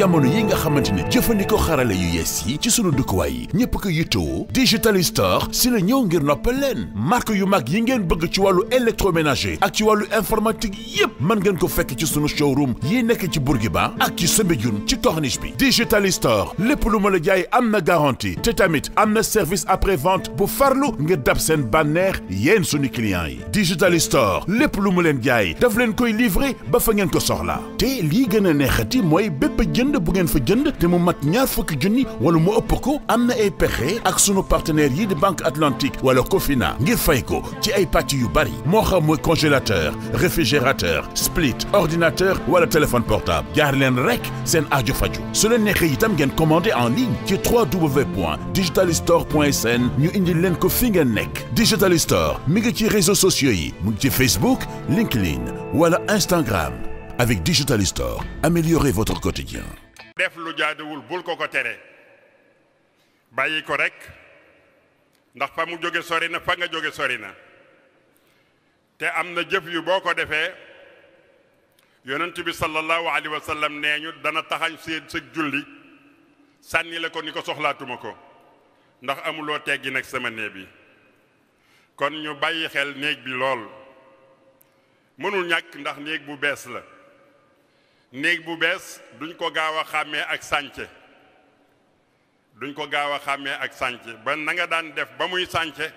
jamono yi nga xamante ne jëfandikoo xarale yu yees yi ci sunu dëkkuwaay yi ñëpp ko yittewoo digital store si la ñëw ngir noppal leen marque yu mag yi ngeen bëgg ci wàllu électroménager ak ci wàllu informatique yépp mën ngeen ko fekk ci sunu showroom yi nekk ci Bourguiba ak ci Soumbédioune ci corniche bi digital store lépp lu ma la jaay am na garantie te tamit am na service après vente bu farlu ngir dab seen bànneex yéen sunu clients yi digital store lépp lu mu leen jaay daf leen koy livrer ba fa ko soxla te lii gën a neexati mooy bépp jën jënd bu ngeen fa jënd te mu mat ñaar fukki junni wala mu ëpp ko am na ay pexe ak sunu partenaires yi di banque atlantique wala Cofina ngir fay ko ci ay pàcc yu bari moo xam mooy congélateur réfrigérateur split ordinateur wala téléphone portable jaar leen rek seen aajo faju su leen e itam ngeen commandé en ligne ci www.digitalistore.sn ñu indil leen ko fi ngeen nekk Digital Store mi ngi ci réseau sociaux yi mu ngi ci Facebook LinkedIn wala Instagram Avec Digital Store, améliorez votre quotidien. def lu jaaduwul bul ko ko tere bàyyi ko rekk ndax fa mu jóge sori na fa nga jóge sori na te am na jëf yu boo ko defee yonent bi sallallahu alayhi wa sallam nee ñu dana taxañ seen sa julli sànni la ko ni ko soxlaatuma ko ndax amuloo teggi nag sama néeg bi kon ñu bàyyi xel néeg bi lool mënul ñàkk ndax néeg bu bees la néeg bu bees duñ ko gaaw a xàmmee ak sànce duñ ko gaaw a xàmmee ak sànce ba nanga daan def ba muy sànce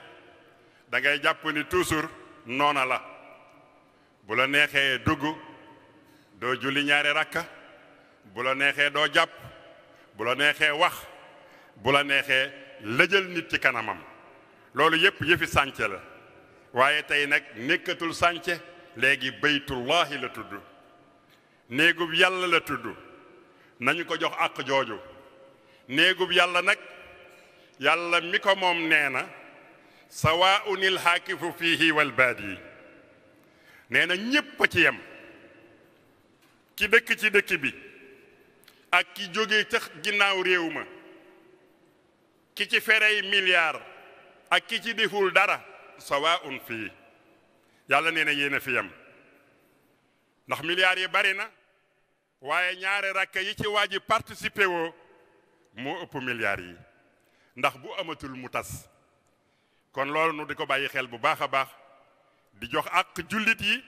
dangay jàpp ni toujours noona la bu la neexee dugg doo julli ñaari rakka bu la neexee doo jàpp bu la neexee wax bu la neexee lëjal nit ci kanamam loolu yépp yëfi sànce la waaye tey nag nekkatul sànce léegi baytullahi la tudd néegub yàlla la tudd nañu ko jox àq jooju néegub yàlla nag yàlla mi ko moom nee na sawaaun il haakifu fiihi wal yi nee na ñépp a ci yem ki dëkk ci dëkk bi ak ki jóge tax ginnaaw réew ma ki ci ferey milliard ak ki ci deful dara sawaaun fii yàlla nee na yéen a fi yem ndax milliards yi bari na waaye ñaari rakk yi ci waa ji participer woo moo ëpp milliards yi ndax bu amatul mu tas kon loolu nu di ko bàyyi xel bu baax a baax di jox ak jullit yi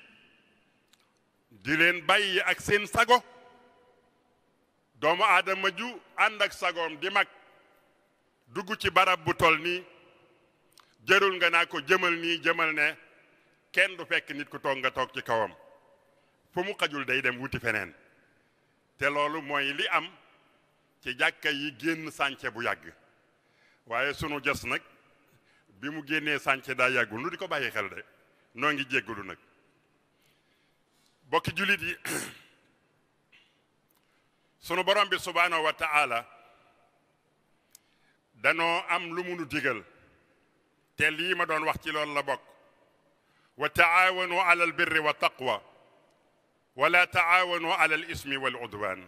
di leen bàyyi ak seen sago doomu aadama ju ànd ak sagoom di mag dugg ci barab bu tol nii jërul nga naa ko jëmal nii jëmal ne kenn du fekk nit ku toog nga toog ci kawam fu mu xajul day dem wuti feneen te loolu mooy li am ci jàkka yi génn sànce bu yàgg waaye sunu jos nag bi mu génnee sànce daa yàggul nu di ko bàyyi xel de noo ngi jéggalu nag bokki jullit yi sunu borom bi subhaanahu wa ta'ala danoo am lu munu digal te lii ma doon wax ci loolu la bokk wa taawanu alal birri wa taqwa wala taawanu ala al ismi wal udwan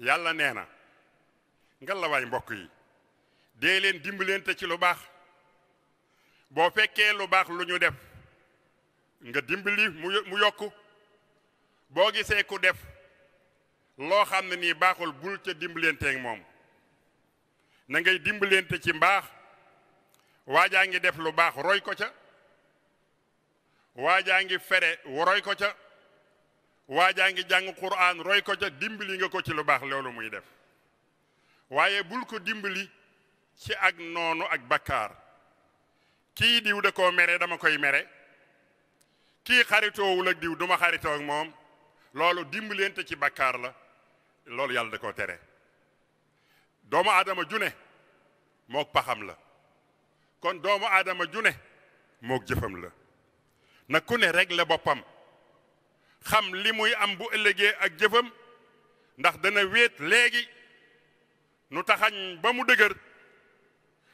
yàlla nee na nga la waay mbokk yi dee leen dimbalante ci lu baax boo fekkee lu baax lu ñu def nga dimbli mu yokk boo gisee ku def loo xam ne nii baaxul bul ca dimbalanteeg moom na ngay dimbalante ci mbaax waajaa ngi def lu baax roy ko ca waajaa ngi fere roy ko ca waajaa ngi jàng Qur'an roy ko ca dimbali nga ko ci lu baax loolu muy def waaye bul ko dimbali ci ak noonu ak bakkaar kii diw da koo mere dama koy mere kii xaritoowul ak diw duma xaritoo moom loolu dimbalante ci bakkaar la loolu yàlla da koo tere doomu aadama june mook paxam la kon doomu aadama june mook jëfam la na ku ne rek la boppam xam li muy am bu ëllëgee ak jëfam ndax dana wéet léegi nu taxañ ba mu dëgër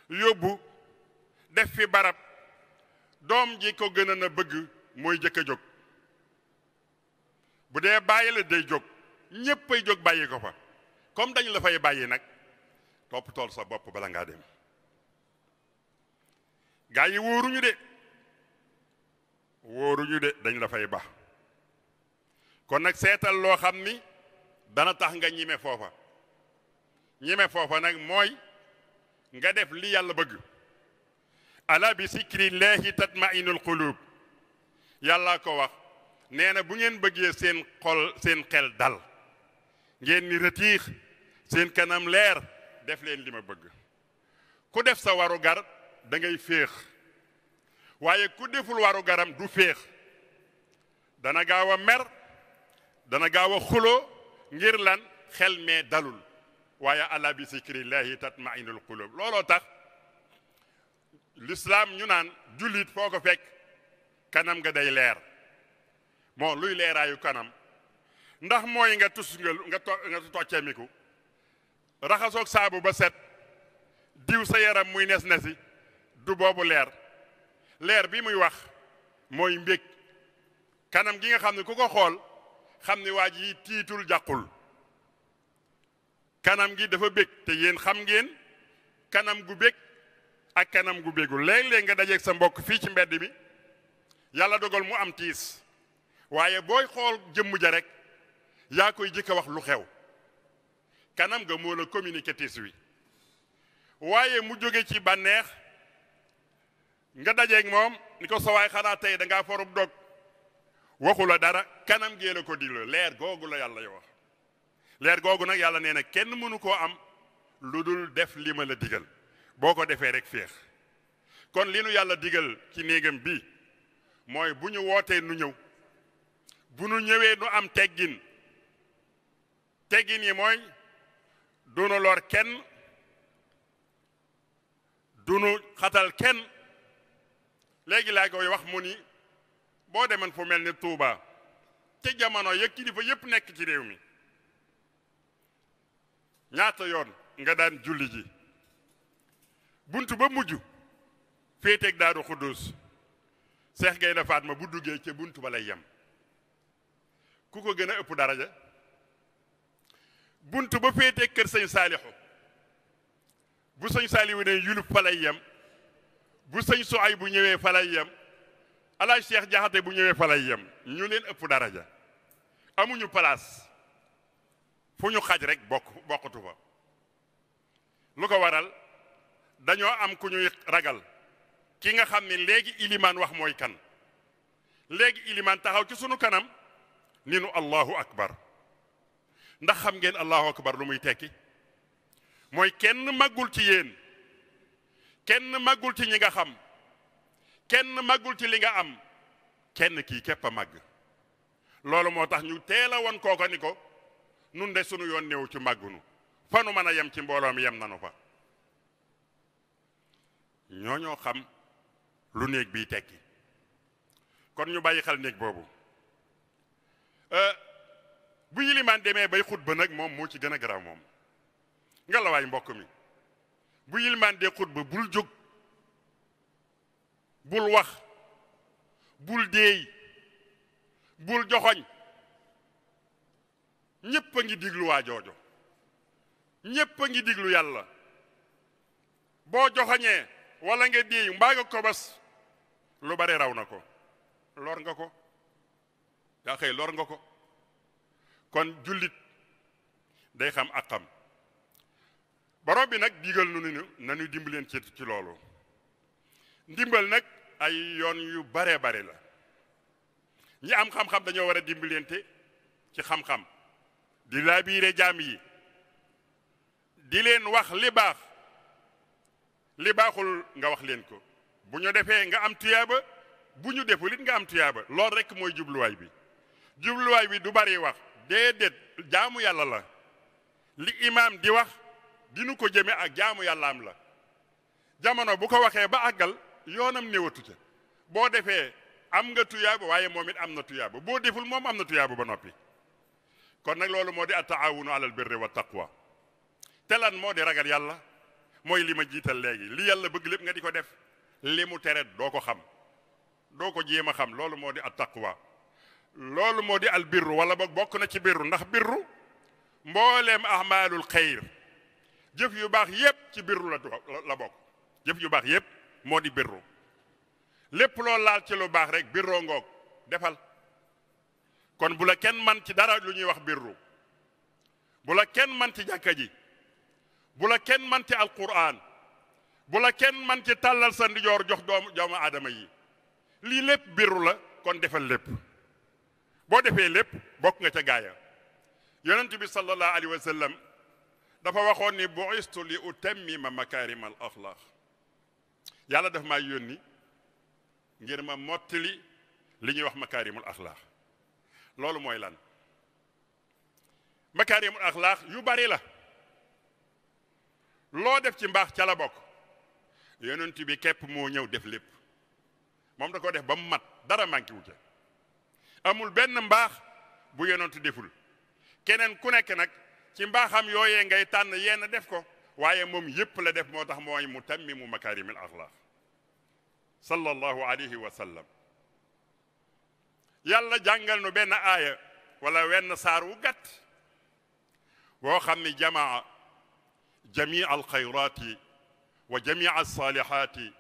yóbbu def fi barab doom ji ko gën a na bëgg mooy jëkk a jóg bu dee bàyyi la day jóg ñépp jóg bàyyi ko fa comme dañu la fay bàyyi nag topp tool sa bopp bala ngaa dem gaa yi wóoruñu de wóoruñu de dañ la fay baax kon nag seetal loo xam ni dana tax nga ñime foofa ñime foofa nag mooy nga def li yàlla bëgg ala bi yi laahi tatmainul qulub yàlla ko wax nee na bu ngeen bëggee seen xol seen xel dal ngeen ni retiix seen kanam leer def leen li ma bëgg ku def sa waru gar da féex waaye ku deful waru garam du féex dana gaaw mer dana gaaw a xuloo ngir lan xel mee dalul waaye ala bi zikrillahi tatmainul qulub looloo tax lislaam ñu naan jullit foo ko fekk kanam nga day leer moo luy leeraayu kanam ndax mooy nga tus nga nga tocceemiku raxasoog saabu ba set diw sa yaram muy nes nesi du boobu leer leer bi muy wax mooy mbég kanam gi nga xam ne ku ko xool xam ni waa ji tiitul jàqul kanam gi dafa bég te yéen xam ngeen kanam gu bég ak kanam gu bégul léeg-léeg nga dajeek sa mbokk fii ci mbedd mi yàlla dogal mu am tiis waaye booy xool jëmm ja rek yaa koy jëkk a wax lu xew kanam nga moo la communiqué tiis wi waaye mu jóge ci bànneex nga dajeeg moom ni ko sawaay xanaa tey dangaa forub dog waxu la dara kanam gee la ko digloo leer googu la yàlla yo wax leer googu nag yàlla nee na kenn mënu koo am lu dul def li ma la digal boo ko defee rek féex kon li nu yàlla digal ci néegam bi mooy bu ñu wootee nu ñëw bu nu ñëwee nu am teggin teggin yi mooy du nu lor kenn du nu xatal kenn léegi laa koy wax mu ni boo demoon fu mel ni Touba ci jamono ya kilifa yëpp nekk ci réew mi ñaata yoon nga daan julli ji bunt ba mujj féeteeg daaru xuddus seex gaynde Fatma bu duggee ca bunt ba lay yem ku ko gën a ëpp daraja bunt ba féeteeg kër sëñ saalixu bu sëñ saaliwu ne yulub fa lay yem bu sëñ ay bu ñëwee fa lay yem alaaj Cheikh Jaxate bu ñëwee fa lay yem ñu leen ëpp daraja amuñu palaas fu ñu xaj rek bokk bokkatu fa lu ko waral dañoo am ku ñuy ragal ki nga xam ni léegi ilimaan wax mooy kan léegi ilimaan taxaw ci sunu kanam ni nu allahu akbar ndax xam ngeen allahu akbar lu muy tekki mooy kenn màggul ci yéen kenn màggul ci ñi nga xam kenn màggul ci li nga am kenn kii képp a màgg loolu moo tax ñu teel a woon kooka ni ko nun de sunu yoon néew ci màggunu fanu nu mën a yem ci mbooloo mi yem nanu fa ñooñoo xam lu néeg bii tekki kon ñu bàyyi xel néeg boobu euh, bu yilimaan demee bay ba nag moom mu ci gën a garaaw moom ngelawaay mbokk mi bu yilimaan dee xutba bul jóg bul wax bul déey bul joxoñ ñépp a ngi diglu waa joojo ñépp a ngi diglu yàlla boo joxoñee walla nga déey mbaa nga kobas lu bare raw na ko lor nga ko yaa xëy lor nga ko kon jullit day xam ak xam borom bi nag digal nu nu nañu dimbaleen ci ci loolu ndimbal nag ay yoon yu bare bare la ñi am xam-xam dañoo war a dimbalante ci xam-xam di laabiire jaam yi di leen wax li baax li baaxul nga wax leen ko bu ñu defee nga am tuyaaba bu ñu deful it nga am tuyaaba loolu rek mooy jubluwaay bi jubluwaay bi du bari wax déedéet jaamu yàlla la li imaam di wax dinu ko jëme ak jaamu yàllaam la jamono bu ko waxee ba àggal yoonam néewatu ca boo defee am nga tuyaaba waaye moom it am na tuyaaba boo deful moom am na tuyaaba ba noppi kon nag loolu moo di at taawunu alal birri wa taqwa moo di ragal yàlla mooy li ma jiital léegi li yàlla bëgg lépp nga di ko def li mu tere ko xam doo ko jéem a xam loolu moo di at taqwa loolu moo di al birru wala boog bokk na ci birru ndax birru mbooleem ahmaalul xayr jëf yu baax yépp ci birru la la bokk jëf yu baax yépp moo di birru lépp loo laal ci lu baax rek birroo ngoog defal kon bu la kenn man ci dara lu ñuy wax birru bu la kenn man ci jàkka ji bu la kenn man ci alquran bu la kenn man ci tàllal sa ndijoor jox doomu doomu aadama yi lii lépp birru la kon defal lépp boo defee lépp bokk nga ca gaaya yonent bi sallallahu alayhi wa dafa waxoon ni bu'istu li utammima makarim al axlaq yàlla def maa yónni ngir ma mottali li ñuy wax makaarimul axlaax loolu mooy lan makaarimul axlaax yu bari la loo def ci mbaax ca la bokk yonent bi képp moo ñëw def lépp moom da ko def ba mu mat dara manqué wu ca amul benn mbaax bu yonent deful keneen ku nekk nag ci mbaaxam yooye ngay tànn yenn def ko waaye moom yépp la def moo tax mooy mu tammi mu makaarimul axlaax sallallahu alayhi wa sallam yàlla jàngal nu benn aaya wala wenn saar wu gàtt woo xam ni jamaa jamii alxayraati wa jamii alsaalihaati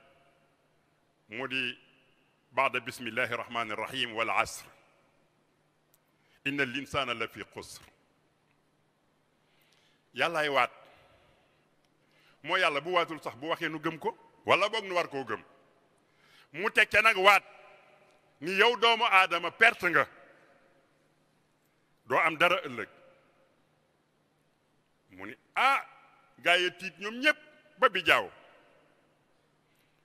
mu di baada bismillahi rahmaani rahim wal asr inna al insaana la fi xusr yàllaay waat moo yàlla bu waatul sax bu waxee nu gëm ko wala boog nu war koo gëm mu teg ca nag waat ni yow doomu aadama pert nga doo am dara ëllëg mu ni ah gaa yi tiit ñoom ñëpp ba bi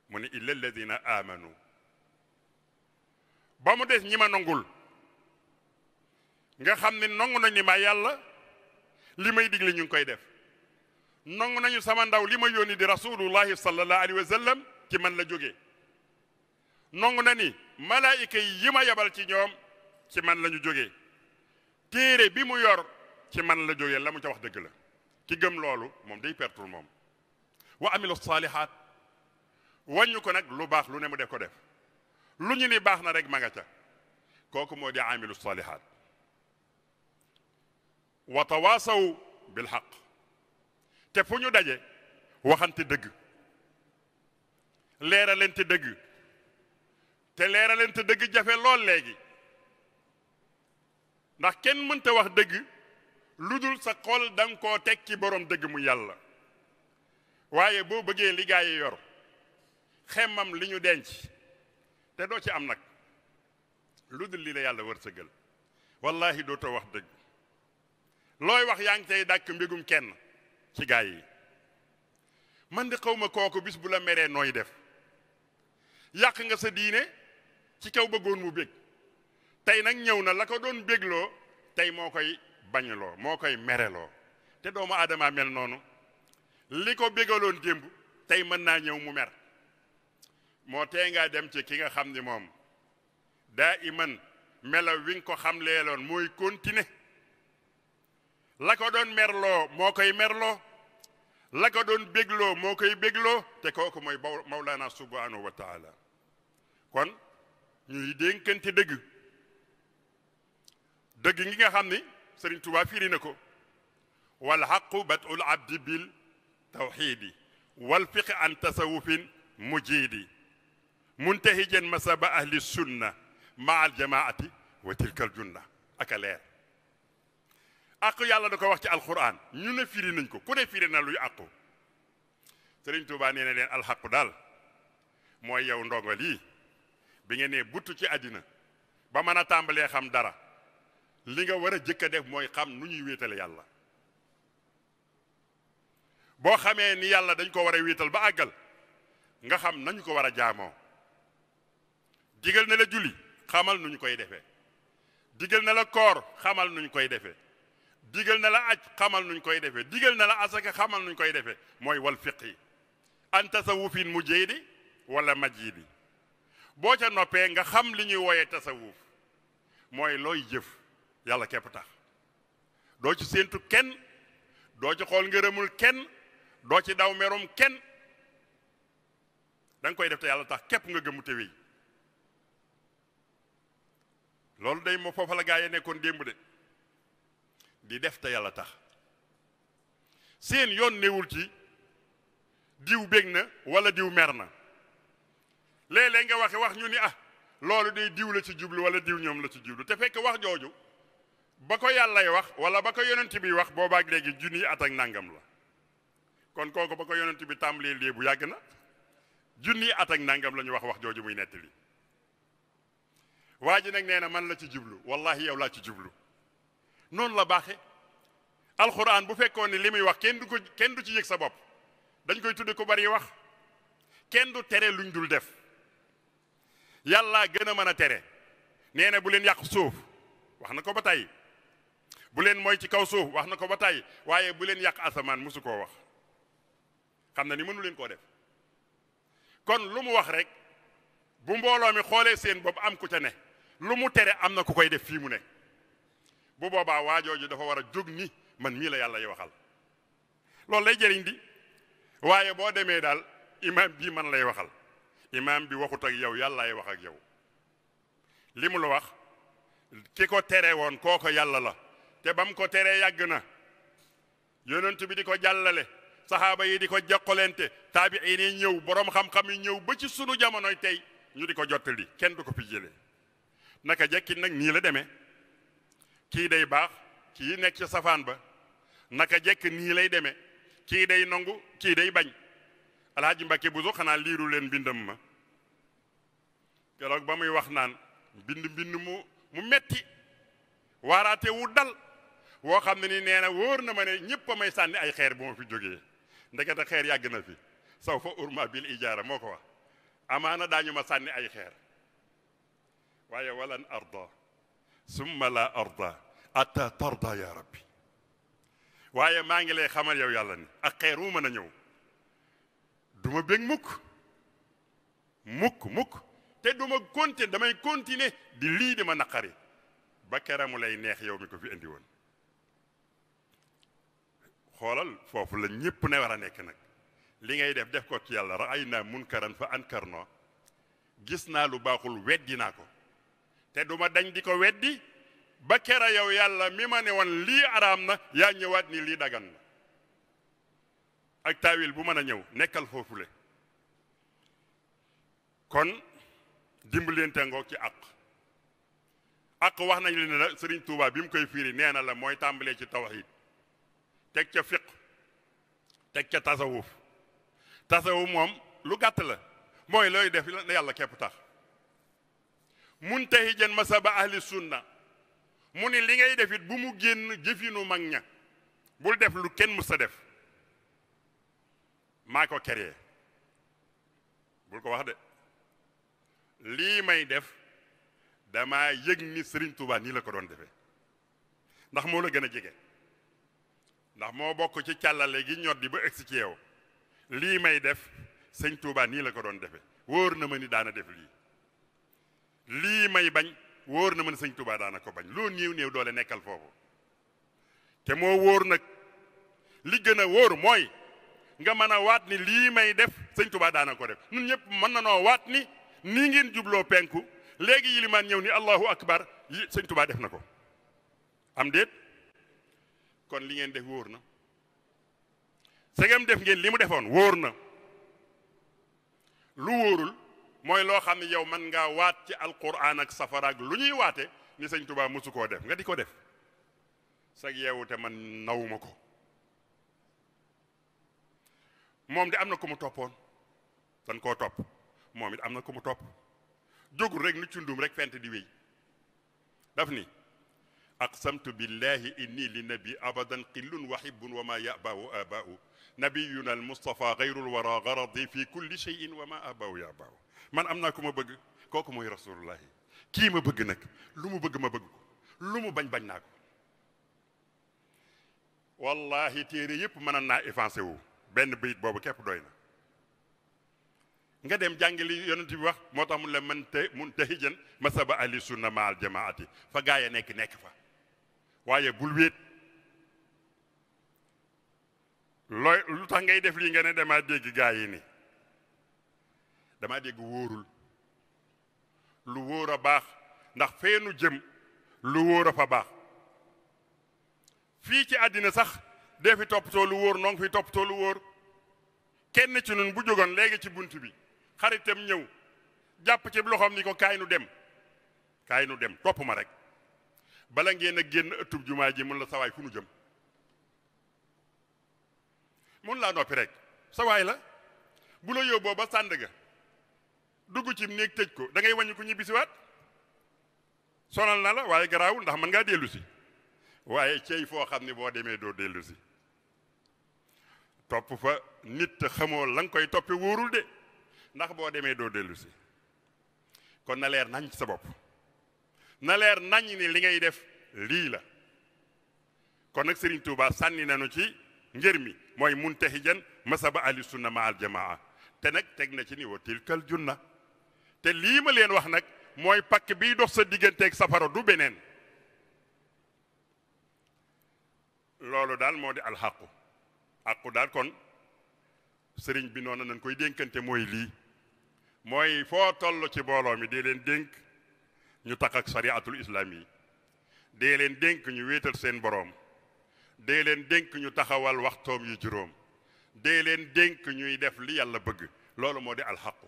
mu ni illa alladina amanu ba mu des ñi ma nangul nga xam ne nangu nañu ni ma yàlla li may digle ñu ngi koy def nangu nañu sama ndaw li ma yónni di rasulullahi sallallahu alayhi wa sallam ci man la jóge nongu na ni malaayika yi ma yabal ci ñoom ci man la ñu jógee téere bi mu yor ci man la jóge la mu ca wax dëgg la ki gëm loolu moom day pertul moom wa amilu saalihaat wàññu ko nag lu baax lu ne mu def ko def lu ñu ni baax na rek ma nga ca kooku moo di amilu saalihaat wa tawaasaw bil xaq te fu ñu daje waxante dëgg leeralante dëgg te leeralante dëgg jafe lool léegi ndax kenn mënta wax dëgg lu dul sa xol da koo teg ci borom dëgg mu yàlla waaye boo bëggee li gaa yi yor xemmam li ñu denc te doo ci am nag lu dul li la yàlla war wërsëgal wallahi dootoo wax dëgg looy wax yaa ngi tey dàkk mbégum kenn ci gaa yi man di xawma kooku bis bu la meree nooy def yàq nga sa diine ci kaw ba bëggoon mu bég tey nag ñëw na la ko doon bégloo tey moo koy bañuloo moo koy mereloo te doomu aadama mel noonu li ko bégaloon démb tey mën naa ñëw mu mer moo tee ngaa dem ci ki nga xam ni moom daa i iman melaw wi nga ko xam leeloon mooy continuer la ko doon merloo moo koy merloo la ko doon bégloo moo koy bégloo te kooku mooy laa naa subaanu taala kon ñuy dénkante dëgg dëgg ngi nga xam ni sëriñ Tuubaa firi na ko wal xaqu batul abdi bil tawxiidi wal fiqi an tasawufin mujiidi muntahijan masaba ahli sunna ma al jamaati wa tilkal junna ak leer àqu yàlla da ko wax ci alquran ñu ne firi nañ ko ku ne firi na luy àqu sëriñ Tuubaa nee na leen alxaqu daal mooy yow ndongo li bi nga nee butt ci àddina ba mën a tàmbalee xam dara li nga war a jëkk a def mooy xam nu ñuy wéetale yàlla boo xamee ni yàlla dañu ko war a wéetal ba àggal nga xam nañu ko war a jaamoo digal na la julli xamal nu ñu koy defee digal na la koor xamal nu ñu koy defee digal na la aj xamal nuñ koy defee digal na la asaka xamal nuñ koy defee mooy wal fiqi an tasawufin mujjeydi wala majjidi boo ca noppee nga xam li ñuy wooyee tasawuf mooy looy jëf yàlla képp tax doo ci séentu kenn doo ci xool ngërëmul kenn doo ci daw meroom kenn da koy def te yàlla tax képp nga gëmu te loolu day ma foofa la gaa yi nekkoon démb de di def te yàlla tax seen yoon néewul ci diw bég na wala diw mer na léeg-léeg nga waxe wax ñu ni ah loolu day diw la ci jublu wala diw ñoom la ci jublu te fekk wax jooju ba ko yàllay wax wala ba ko yonent bi wax boobaak léegi junniy at ak nangam la kon kooku ba ko yonent bi tàmbalee lii bu yàgg na junniy at ak nangam la wax wax jooju muy nettali waa ji nag nee na man la ci jublu wallahi yow laa ci jublu noonu la baaxe alxuraan bu fekkoon ne li muy wax kenn du ko kenn du ci yëg sa bopp dañ koy tudde ku bari wax kenn du tere luñ dul def yàllaa gën a mën a tere nee na bu leen yàq suuf wax na ko ba tay bu leen mooy ci kaw suuf wax na ko ba tey waaye bu leen yàq asamaan mosu koo wax xam na ni mënu leen koo def kon lu mu wax rek bu mbooloo mi xoolee seen bopp am ku ca ne lu mu tere am na ku koy def fii mu ne bu boobaa waajooju dafa war a jóg ni man mii la yàlla yi waxal loolu lay jëriñ di waaye boo demee daal imaam bii man lay waxal imaam bi waxut ak yow yàllaay wax ak yow limu la wax ki ko tere woon kooko yàlla la te ba ko teree yàgg na yonent bi di ko jàllale saxaaba yi di ko jokkalante taabiin yi ñëw boroom xam-xam yi ñëw ba ci sunu jamonoy tey ñu di ko jottali kenn du ko fi jëlee naka jekki nag nii la demee kii day baax kii nekk ca safaan ba naka jekk nii lay deme kii day nangu kii day bañ alhaaji mbake Buso xanaa liiru leen mbindam ma keroog ba muy wax naan mbind mbind mu mu metti waaraate wu dal woo xam ne ni nee na na ma ne ñëpp may sànni ay xeer bu ma fi jógee ndekete xeer yàgg na fi saw fa urma bil ijaara moo ko wax amaana daañu ma sànni ay xeer waaye walan arda summa la arda atta tarda ya rabbi waaye maa ngi lay xamal yow yàlla ni ak xeer wu mën a ñëw du ma bég mukk mukk mukk te du ma damay continuer di lii di ma naqari ba keramu lay neex yow mi ko fi indi woon xoolal foofu la ñépp na war a nekk nag li ngay def def ko ci yàlla raay naa munkaran fa ankarnoo gis naa lu baaxul weddi naa ko te du ma dañ di ko weddi ba kera yow yàlla mi ma ne woon lii araam na yaa ñëwaat ni lii dagan na ak taawil bu mën a ñëw nekkal foofu foofule kon dimbalante ngoog ci àq àq wax nañ leen la Sëriñ Tuubaa bi mu koy firi nee na la mooy tàmbalee ci tawxiid teg ca fiq teg ca tasawuf tasawuf moom lu gàtt la mooy looy def yàlla képp tax mun muntahijan masaba ahli sunna mu ni li ngay defit bu mu génn jëfinu mag ña bul def lu kenn mës a def maa ko créé bul ko wax de lii may def dama yëg ni sëriñ Touba nii la ko doon defee ndax moo la gën a jege ndax moo bokk ci càllale gi ñor di ba egsi ci yow lii may def sëñ Touba nii la ko doon defee wóor na ma ni daana def lii lii may bañ wóor na ma ni sëñ Touba daana ko bañ loo néew néew doole nekkal foofu te moo wóor nag li gën a wóor mooy nga mën a waat ni lii may def sëñ Tuubaa daana ko def ñun ñëpp mën na noo waat ni nii ngeen jubloo penku léegi yilimaan ñëw ni allahu akbar yi sëñ def na ko am déet kon li ngeen def wóor na segam def ngeen li mu defoon wóor na lu wóorul mooy loo xam ne yow man ngaa waat ci alquran ak safara lu ñuy waate ni sëñ tubaa mosu koo def nga di ko def sag yeewu man nawuma ko moom di am na ku mu toppoon dañ koo topp moom it am na ku mu topp jógul rek nu cundum rek fent di wéy daf ni aqsamtu billahi inni li nabi abadan qillun wa hibbun wa ma yabahu abahu nabiyuna al mustafa gayrul wara garadi fi wa ma abahu yabahu man am naa ku ma bëgg kooku mooy rasulullahi kii ma bëgg nag lu mu bëgg ma bëgg mu bañ bañ naa ko wallahi téere yépp mën naa effacé wu benn bayit boobu képp doy na nga dem jàngi li yonent bi wax moo tax mun la mën te mun taxijan masaba ali sunna ma al jamaati fa gaa ya nekk nekk fa waaye bul wéet looy lu tax ngay def lii nga ne damaa dégg gaa yi ni damaa dégg wóorul lu wóor a baax ndax feenu jëm lu wóor a fa baax fii ci àddina sax dee fi toppatoo lu wóor noo fi toppatoo toolu wóor kenn ci nun bu jógoon léegi ci bunt bi xaritam ñëw jàpp ci loxoom ni ko kaay nu dem kaay nu dem topp ma rek bala ngeen a génn ëttub jumaa ji mun la sawaay fu nu jëm mun laa noppi rek sawaay la bu la yóbboo ba Sandaga dugg ci néeg tëj ko da ngay ñibbi ko ñibbisiwaat sonal na la waaye garaawul ndax mën ngaa dellu si waaye cey foo xam ne boo demee doo dellu si topp fa nit xamoo la koy toppe wóorul de ndax boo demee doo dellu si kon na nañ ci sa bopp na leer nañ ni li ngay def lii la kon nag Serigne Touba sànni nañu ci ngir mi mooy muntahijan masaba ahli sunna ma al jamaa te nag teg na ci ni wa tilkal junna te lii ma leen wax nag mooy pakk biy dox sa digganteek safara du beneen loolu daal moo di alxaqu aqu daal kon sëriñ bi noonu nañ koy dénkante mooy lii mooy foo toll ci booloo mi dee leen dénk ñu takk ak sariatul islaam yi dee leen dénk ñu wéetal seen boroom dee leen dénk ñu taxawal waxtoom yu juróom dee leen dénk ñuy def li yàlla bëgg loolu moo di alxaqu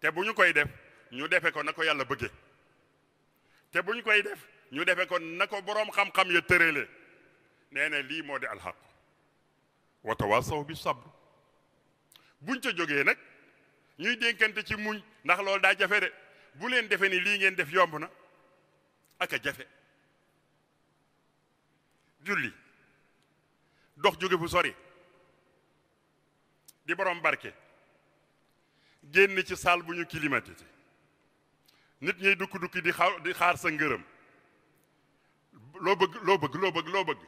te bu ñu koy def ñu defe ko na ko yàlla bëgge te bu ñu koy def ñu defe ko na ko boroom xam-xam ya tërale nee na lii moo di alxaq wa tawaasaw bi sabr buñ ca jógee nag ñuy dénkante ci muñ ndax loolu daa jafe de bu leen defe ni lii ngeen def yomb na ak jafe julli dox jóge fu sori di borom barke génn ci saal bu ñu climatisé nit ñuy dukki dukki di xaar di xaar sa ngërëm loo bëgg loo bëgg loo bëgg loo bëgg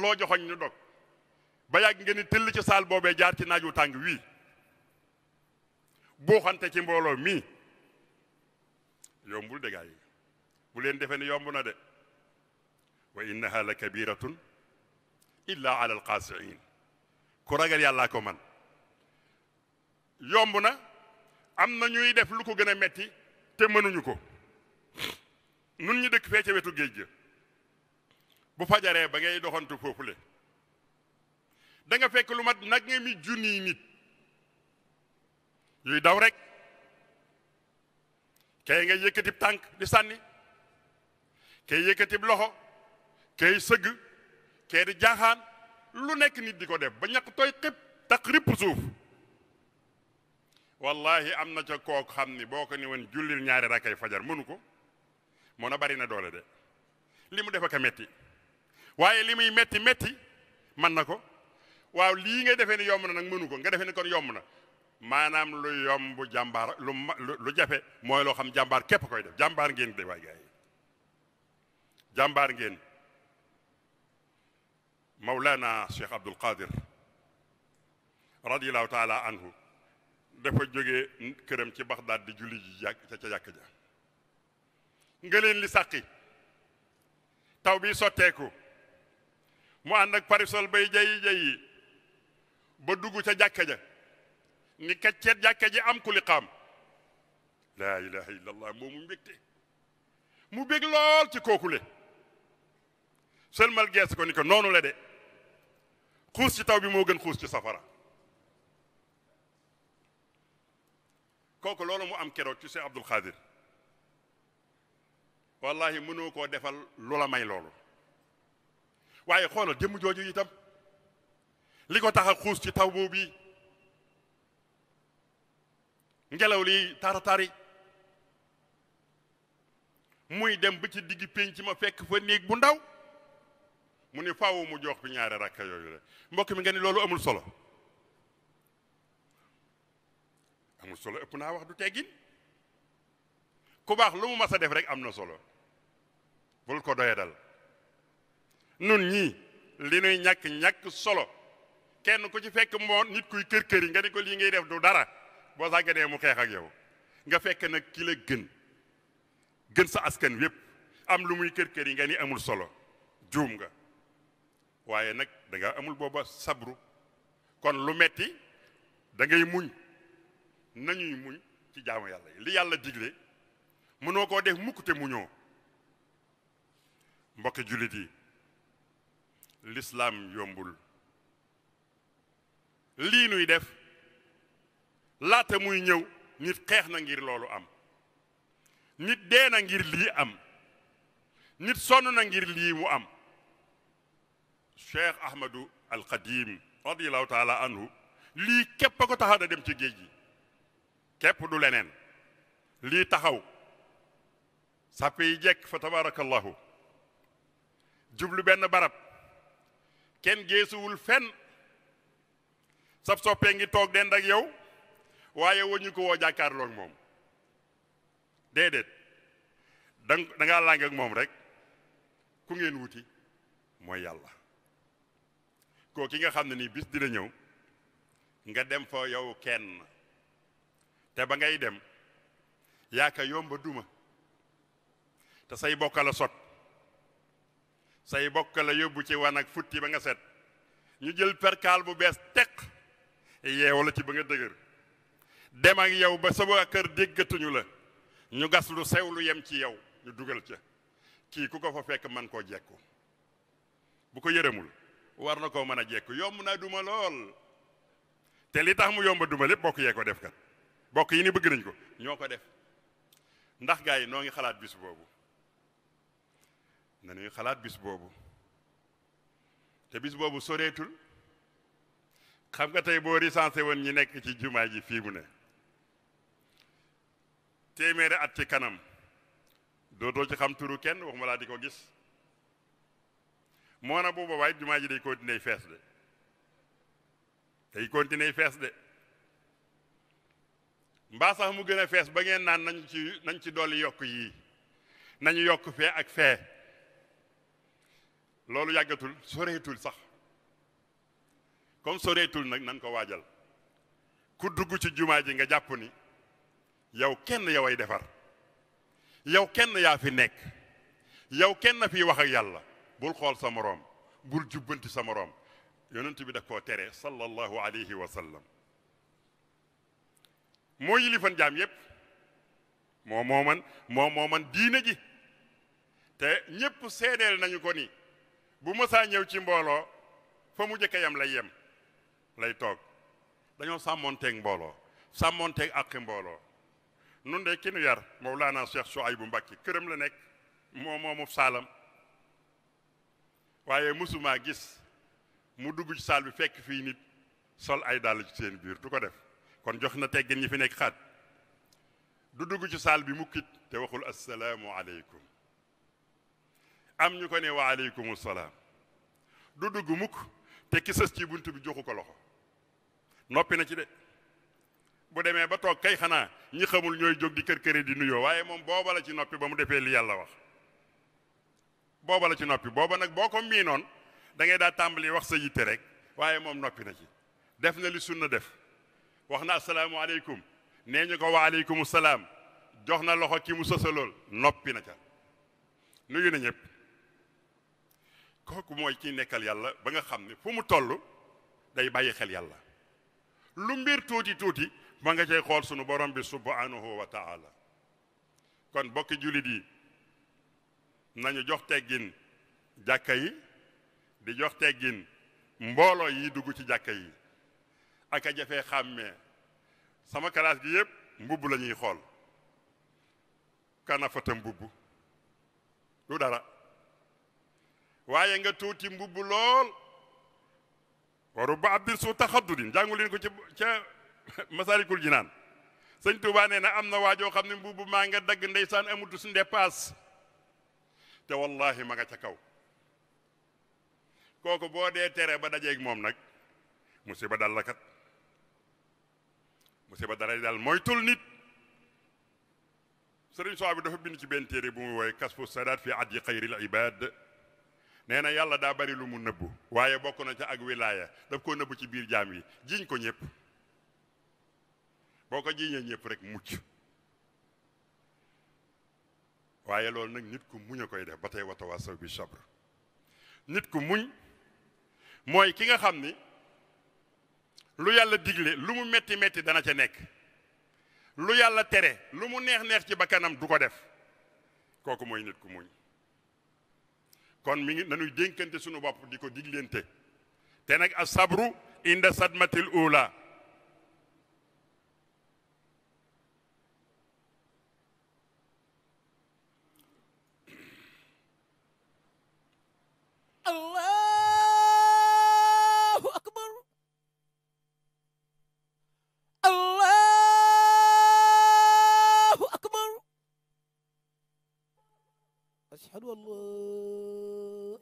loo joxoñ ñu dog ba yàgg nga ni tëll ci saal boobee jaar ci naaj wu tàng wii buuxante ci mbooloo mii yombul de bu leen defee ni yomb na de wa innaha la kabiratun illa ala alxaasiin ku ragal yàllaa ko man yomb na am na ñuy def lu ko gën a metti te mënuñu ko nun ñu dëkk fee ca wetu géej ga bu fajaree ba ngay doxantu foofu da danga fekk lu mat nag nga mi junniy nit yuy daw rek kay nga yëkkatib tànk di sànni kay yëkkatib loxo kay sëgg kay di jaaxaan lu nekk nit di ko def ba ñàkk tooy xib tax ripp suuf wallahi am na ca kook xam ni boo ko ni woon jullil ñaari rakkay fajar mënu ko moo na bari na doole de li mu def ak metti waaye li metti metti mën na ko waaw lii nga defee ni yomb na nag mënu ko nga defee ni kon yombu na maanaam lu yomb jàmbaar lu jafe mooy loo xam jàmbaar képp koy def jàmbaar ngeen de waay gaay jàmbaar ngeen Mawlana Cheikh Abdul Qadir radiyallahu taala anhu dafa jóge këram ci Baxdaad di julli ji ca ca jàkk ja nga li sàqi taw bi sotteeku mu ànd ak parisol bay jayi jayi ba dugg ca jàkka ja ni kacceet jàkka ji am ku li xaam laa ilaha illa allah moomu mbégte mu bég lool ci kookule sëlmal gees ko ni ko noonu la de xuus ci taw bi moo gën xuus ci safara kooku loolu mu am keroog ci Seex Abdul Xaadir wallahi mënoo koo defal lu la may loolu waaye xoolal jëmm jooju itam li ko tax a xuus ci taw boobu bi ngelaw li taratari muy dem ba ci digg pénc ma fekk fa néeg bu ndaw mu ni faaw mu jox bi ñaare rakka yooyu rek mbokk mi nga ni loolu amul solo amul solo ëpp naa wax du teggin ku baax lu mu mas a def rek am na solo bul ko doye dal nun ñii li nuy ñàkk-ñàkk solo kenn ku ci fekk moo nit kuy kër kër yi nga ni ko lii ngay def du dara boo sàgganee mu xeex ak yow nga fekk nag kilo gën gën sa askan wépp am lu muy kër kër yi nga ni amul solo juum nga waaye nag danga amul booba sabru kon lu metti da ngay muñ nañuy muñ ci jaamu yàlla yi li yàlla digle noo koo def mukk te muñoo mbokki jullit yi lislaam yombul lii nuy def laata muy ñëw nit xeex na ngir loolu am nit dee na ngir lii am nit sonn na ngir lii mu am cheikh ahmadou al qadim radiallahu taala anhu lii képp a ko taxa dem ci géej gi képp du leneen lii taxaw sàppe yi jekk fa tabarakallahu jublu benn barab kenn geesuwul fenn sab soppee ngi toog dend ak yow waaye woñu ko woo jàkkaarloog moom déedéet dang da ngaa làng moom rek ku ngeen wuti mooy yàlla koo ki nga xam ne nii bis dina ñëw nga dem fa yow kenn te ba ngay dem yaaka yomba duma te say bokka la sot say bokk la yóbbu ci wan ak futti ba nga set ñu jël perkaal bu bees teq yeew la ci ba nga dëgër dem ak yow ba sa kër déggatuñu la ñu gas lu sew lu yem ci yow ñu dugal ca kii ku ko fa fekk man koo jekku bu ko yërëmul war na koo mën a jekku yomb naa duma lool te li tax mu yomba duma lépp bokk yee ko def kat bokk yi ni bëgg nañ ko ñoo ko def ndax gaa yi noo ngi xalaat bis boobu nañuy xalaat bis boobu te bis boobu soreetul xam nga tey boo recensé woon ñi nekk ci jumaa ji fii mu ne téeméeri at ci kanam dootoo ci xam turu kenn waxuma laa di ko gis moo na booba waaye jumaa ji day continuer fees de day continuer fees de mbaa sax mu gën fees ba ngeen naan nañ ci nañ ci dool yokk yi nañu yokk fee ak fee loolu yàggatul soreetul sax comme soreetul nag nan ko waajal ku dugg ci jumaa ji nga jàpp ni yow kenn yow defar yow kenn yaa fi nekk yow kenn fi wax yàlla bul xool sa moroom bul jubbanti sa moroom yonent bi daf koo tere sallallahu alayhi wa sallam moo yilifan jaam yépp moo mooman moo mooman diine ji te ñépp seedeel nañu ko ni bu masaa ñëw ci mbooloo fa mu jëkk yam lay yem lay toog dañoo sàmmoonteeg mbooloo sàmmoon sàmmoonteeg ak mbooloo nun de ki nu yar Mawlana Cheikh Souaïbou Mbacké këram la nekk moo moomu saalam waaye mësumaa gis mu dugg ci saal bi fekk fii nit sol ay dàll ci seen biir du ko def kon jox na teggin ñi fi nekk xat du dugg ci saal bi mukkit te waxul asalaamu aleykum am ñu ko ne wa aleykum salaam du dugg mukk te ki ci bunt bi joxu ko loxo noppi na ci de bu demee ba toog kay xanaa ñi xamul ñooy jóg di kër këri di nuyoo waaye moom booba la ci noppi ba mu defee li yàlla wax booba la ci noppi booba nag boo ko miinoon da ngay daa tàmbali wax sa yitte rek waaye moom noppi na ci def na li sunna def wax na asalaamualeykum nee ñu ko wa aleykum salaam jox na loxo ki mu sësalool noppi na ca nuyu na ñëpp kooku mooy ci nekkal yàlla ba nga xam ne fu mu toll day bàyyi xel yàlla lu mbir tuuti tuuti ma nga cay xool sunu borom bi subhanahu wa taala kon bokki jullit yi nañu jox teggin jàkka yi di jox teggin mbooloo yi dugg ci jàkka yi ak a jafee xàmmee sama kalaas gi yépp mbubb la ñuy xool kanafata mbubb du dara waaye nga tuuti mbubb lool waru ba ab bir su taxaddudin jàngu ko ci ca Masaalikul Jinaan sëñ Tuubaa nee na am na waajoo xam ne mbubb maa nga dagg ndeysaan amutu su dépasse te wallahi ma ca kaw kooku boo dee tere ba dajeeg moom nag musiba dal la kat musiba dalay dal moytul nit sëriñ soo bi dafa bind ci benn téere bu muy wooye kasfu sadaat fi adyi xayril ibaad nee na yàlla daa bari lu mu nëbbu waaye bokk na ca ak wilaaya daf koo nëbbu ci biir jaam yi jiñ ko ñëpp boo ko jiñee ñëpp rek mucc waaye loolu nag nit ku muñ koy def ba tey watawaasaw bi sabr nit ku muñ mooy ki nga xam ni lu yàlla digle lu mu metti metti dana ca nekk lu yàlla tere lu mu neex neex ci bakkanam du ko def kooku mooy nit ku muñ kon mi ngi nañuy dénkante suñu bopp di ko diglente te nag a sabru inda sadmatil ula أشهد أن لا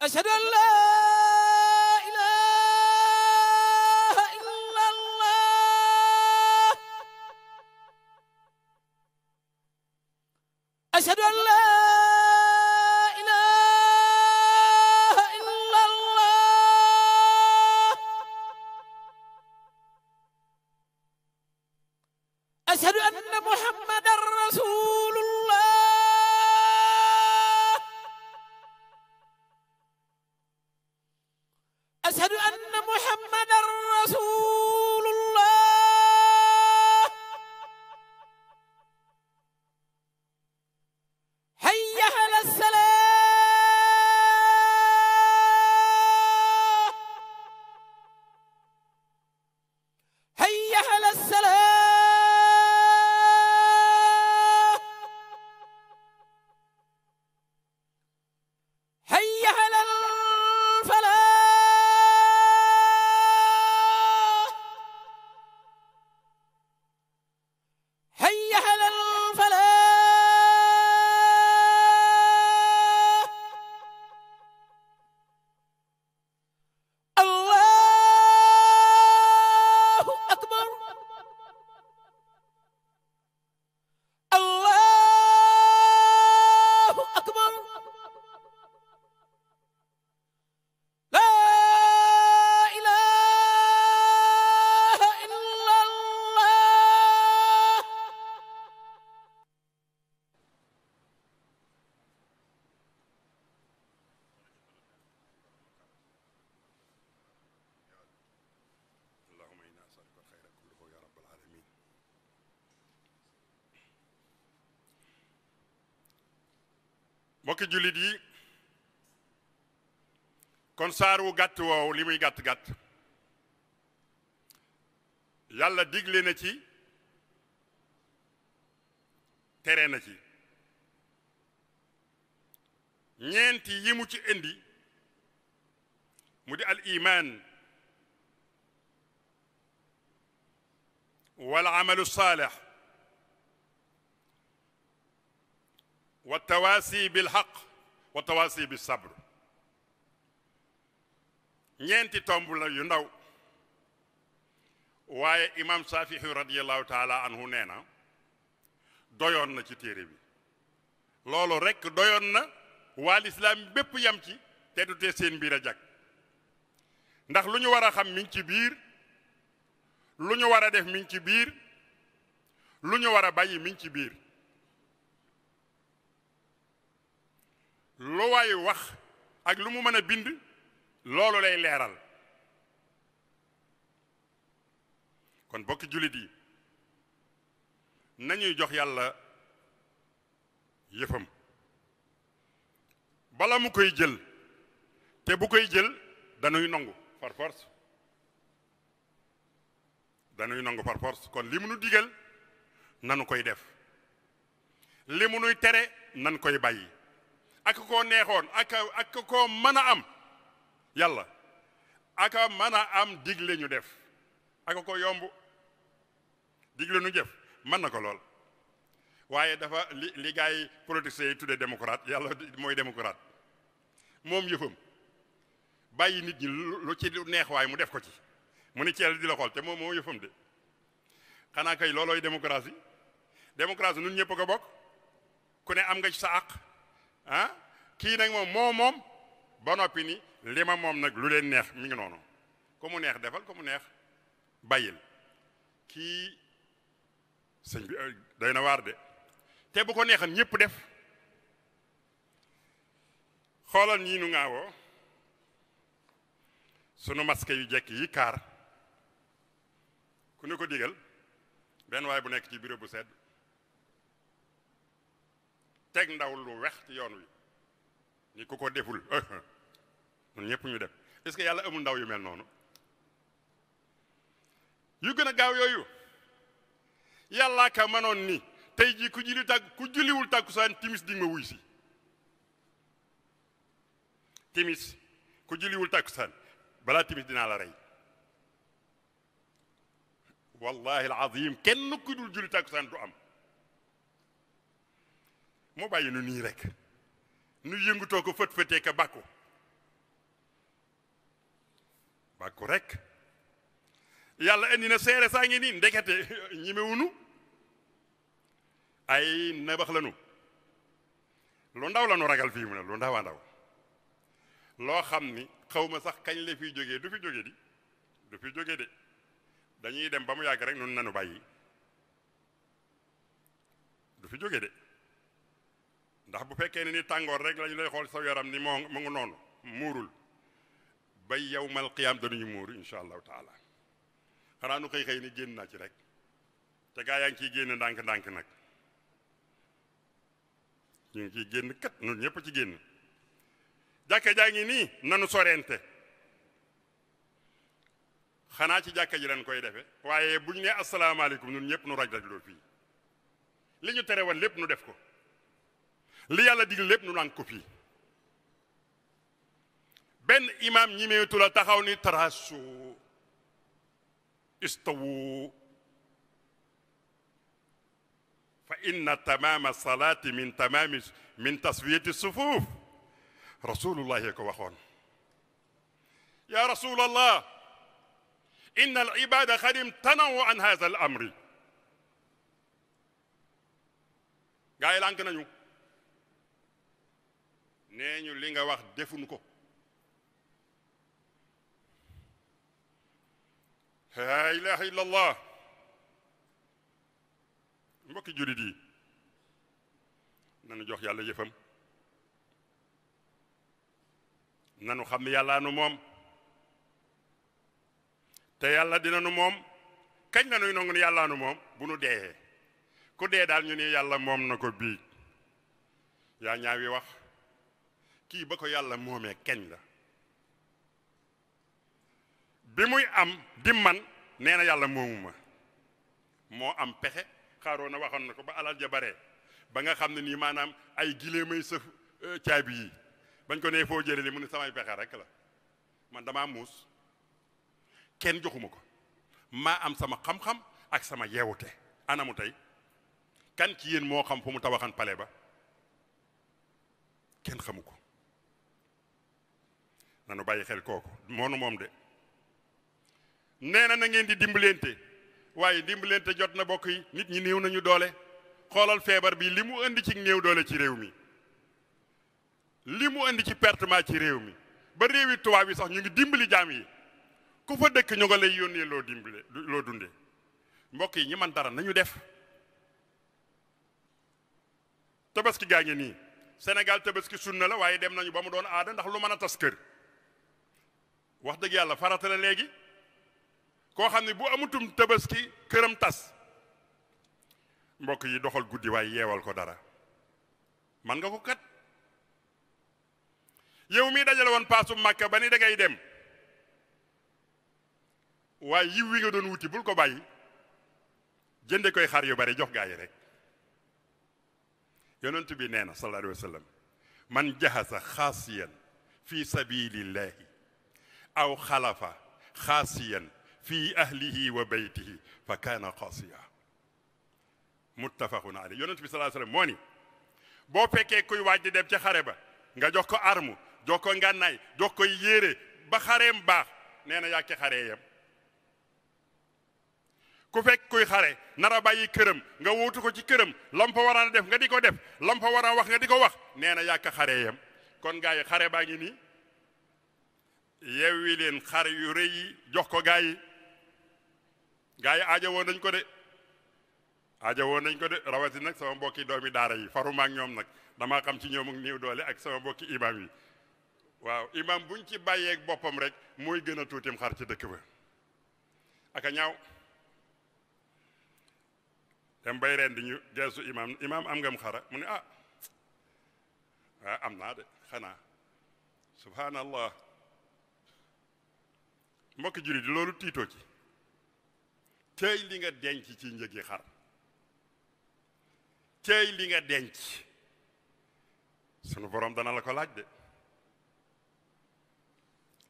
ashhadu an laa ilaaha illallaah ashhadu an laa mbokki jullit yi kon saar wu gàtt woowu li muy gàtt-gàtt yàlla digle na ci tere na ci ñeenti yi mu ci indi mu di al iman wal amalu saalih wa tawaasi bil haq wa tawaasi bi sabr ñeenti tomb la yu ndaw waaye imam saafihi radiallahu taala anhu nee na doyoon na ci téere bi loolu rekk doyoon na waa lislaam bépp yam ci te du seen mbir a jag ndax lu ñu war a xam mi ngi ci biir lu ñu war a def mi ngi ci biir lu ñu war a bàyyi mi ci biir lu waay wax ak lu mu mën a bind loolu lay leeral kon bokki jullit yi nañuy jox yàlla yëfam bala mu koy jël te bu koy jël dañuy nangu par force dañuy nangu par force kon li mu nu digal nanu koy def li mu nuy tere nan koy bàyyi ak koo neexoon ak ak koo mën a am yàlla aka mën a am digle ñu def aka ko yomb digle nu jef mën na ko lool waaye dafa li li gars yi politiciens yi tuddee démocrate yàlla mooy démocrate moom yëfam bàyyi nit ñi lu ci neex waaye mu def ko ci mu ni ceel di la xool te moom moo yëfam de xanaa kay loolooy démocratie démocratie nun ñëpp ko bokk ku ne am nga sa àq ah kii nag moom moo moom ba noppi ni lima moom nag lu leen neex mi ngi noonu ku mu neex defal ku mu neex bàyyil kii sëñ euh, day na waar de te bu ko neexan ñëpp def xoolal ñii nu ngaawoo sunu masque yu jekk yi kaar ku ne ko digal benn waaye bu nekk ci bureau bu sedd teg ndaw lu wex ci yoon ni ku ko deful ñun ñëpp ñu def est-ce que yàlla ndaw yu mel noonu yu gën a gaaw yooyu yàllaa ka mënoon ni tey jii ku julli tàgg ku julliwul tàkkusaan timis di nga ma wuy si timis ku julliwul tàkkusaan balaa timis dinaa la rey wallahi alazim kenn ku dul julli tàkkusaan du am moo bàyyi nu nii rek nu yëngutoo ko fët fëtee ka bàkku bàkku rek yàlla indi na seere saa ngi nii ndekete ñimewunu ay nabax lanu loo ndaw lanu ragal fii mu ne lu ndawaa ndaw loo xam ni xawma sax kañ la fiy du fi jóge di du fi jóge de dañuy dem ba mu yàgg rek nun nanu bàyyi du fi jóge de ndax bu fekkee ne ni tàngoor rek lañu lay xool sa yaram ni moo mu nga noonu muurul bay yawmal qiyaam danañu muuru incha allahu taala xanaa nu xëy xëy ni génn naa ci rek te gaa yaa ngi ciy génn ndànk-ndànk nag ñu ngi ciy génn kat ñun ñëpp ci génn jàkka jaa ngi nii nanu sorente xanaa ci jàkka ji lañ koy defe waaye bu ñu nee asalaamaaleykum ñun ñëpp nu raj raj loo fii li ñu tere woon lépp nu def ko li yàlla dig lépp nu naan copie benn imam ñi meetu la taxaw ni tarasu istawu fa inna tamama salaati min tamami min taswiyati sufuuf rasulullah yee ko waxoon ya rasul allah inna al ibada qad imtanawu an hadha al amri gaa yi lànk nañu nee ñu li nga wax defuñu ko laa ilaha illa allah mbokki julit yi nanu jox yàlla yëfam nanu xam ne moom te yàlla dina nu moom kañ nanuy nangu ne yàllaa nu moom bu nu deeyee ku dee daal ñu ne yàlla moom na ko biig yaa ñaawi wax kii ba ko yàlla moomee keñ la bi muy am di man nee na yàlla moomu ma moo am pexe xaaroon na waxoon na ko ba alal ja bare ba nga xam ne nii maanaam ay gilee sëf euh, caabi yi bañ ko nee foo jële li mu ne samay pexe rek la man dama muus kenn joxuma ko maa am sama xam-xam ak sama yeewute anamu tey kan ci yéen moo xam fu mu tabaxan pale ba kenn xamu ko nanu bàyyi xel kooku moonu moom de nee na ngeen di dimbalante waaye dimbalante jot na bokk yi nit ñi néew nañu doole xoolal feebar bi li mu indi ci néew doole ci réew mi li mu indi ci pertement ci réew mi ba réewi tubaab yi sax ñu ngi dimbali jaam yi ku fa dëkk ñu nga lay yónnee loo dimbale loo dunde mbokk yi ñi man dara nañu def tabaski gaa ngi nii Sénégal tabaski sunna la waaye dem nañu ba mu doon aada ndax lu mën a tas kër wax dëgg yàlla faratale léegi koo xam ne bu amutum tabaski këram tas mbokk yi doxal guddi waaye yeewal ko dara man nga ko kat yow mii dajale woon paasu màkka ba ni dangay dem waaye yiw wi nga doon wuti bul ko bàyyi jënde koy xar yu bari jox gaa yi rek yonent bi nee na sallallahu alayhi wa sallam man jahasa xaasiyan fi sabilillahi aw xalafa xaasiyan fi ahlihi wa baytihi fa kaana xaasiya muttafaqun alayhi yonent bi sallallahu alayhi moo boo fekkee kuy waaj di dem ca xare ba nga jox ko armu jox ko ngànnaay jox ko yére ba xareem baax nee na yaa ca xaree ku fekk kuy xare nar a bàyyi këram nga wuutu ko ci këram lam fa war def nga di ko def lam fa a wax nga di ko wax neena na yaa ca kon gaa xare baa ngi nii yewwi leen xar yu rëy yi jox ko gaa yi gaa yi aaja woon nañ ko de aaja woon nañ ko de rawati nag sama mbokki doomi daara yi faruma ak ñoom nag damaa xam ci ñoom ak néew doole ak sama mbokki imaam yi waaw imaam buñ ci bàyyeek boppam rek mooy gën a tuutim xar ci dëkk ba aka ñaaw dem bay ren di ñu geesu imaam imaam am ngam xara mu ne ah ah am naa de xanaa subhanallah mbokki jullit di loolu tiitoo ci cey li nga denc ci njëgi xar cey li nga denc sunu borom dana la ko laaj de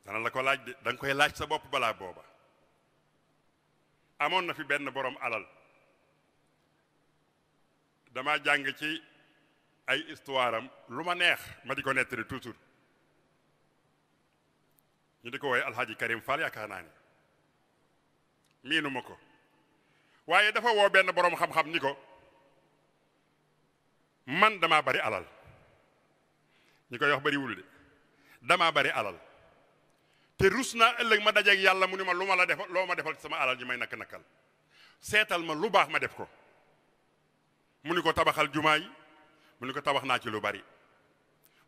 dana la ko laaj de da koy laaj sa bopp balaa booba amoon na fi benn borom alal dama jàng ci ay histoire am lu ma neex ma di ko nettali toujours ñu di ko wooye alxaaji karim fall yaakaar naa ni miinu ko waaye dafa woo benn boroom xam-xam ni ko man damaa bari alal ñu koy wax bariwul de damaa bari alal te rus naa ëllëg ma dajeeg yàlla mu ni ma lu ma la def loo ma defal sama alal ji may nakk nakkal seetal ma lu baax ma def ko mu ni ko tabaxal jumaay mu ni ko tabax naa ci lu bari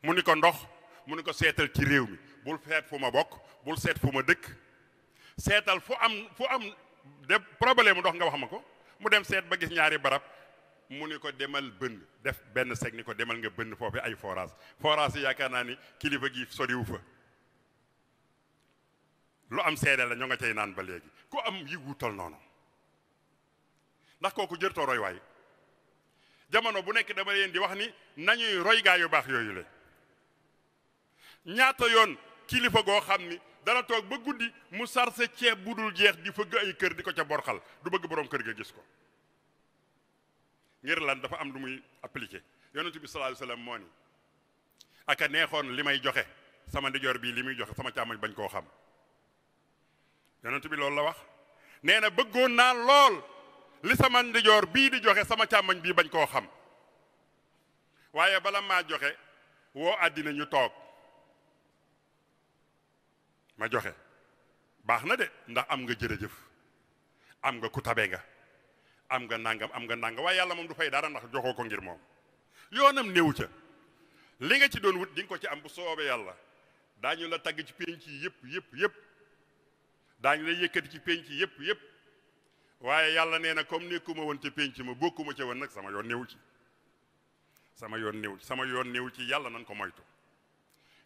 mu ni ko ndox mu ni ko seetal ci réew mi bul feet fu ma bokk bul seet fu ma dëkk seetal fu am fu am de problème mu dox nga wax ma ko mu dem seet ba gis ñaari barab mu ni ko demal bënn def benn seg ni ko demal nga bënn foofu ay forage forage yi yaakaar naa ni kilifa gi soriwu fa lu am seede la ñoo nga cay naan ba léegi ku am yi wutal noonu ndax kooku jërtoo roy waay jamono bu nekk dama leen di wax ni nañuy roy gaa yu baax yooyu la ñaata yoon kilifa goo xam ni dana toog ba guddi mu sarse ceeb bu dul jeex di fëgg ay kër di ko ca borxal du bëgg borom kër ga gis ko ngir lan dafa am lu muy appliqué yonent bi sallallahu alayhi aka neexoon li may joxe sama ndijoor bii li muy joxe sama càmmoñ bañ koo xam yonent bi loolu la wax nee na bëggoon naa lool li sama ndijoor bii di joxe sama càmmoñ bii bañ koo xam waaye bala maa joxe woo àddina ñu toog ma joxe baax na de ndax am nga jërëjëf am nga ku tabe nga am nga nangam am nga nangam waaye yàlla moom du fay dara ndax joxoo ko ngir moom yoonam néew ca li nga ci doon wut di ko ci am bu soobee yàlla daañu la tagg ci penc yi yëpp yëpp yëpp daañu la yëkkati ci penc yëpp yëpp waaye yàlla nee na comme nekkuma woon ca penc ma bokkuma ca woon nag sama yoon néew ci sama yoon néew ci sama yoon néew ci yàlla nan ko moytu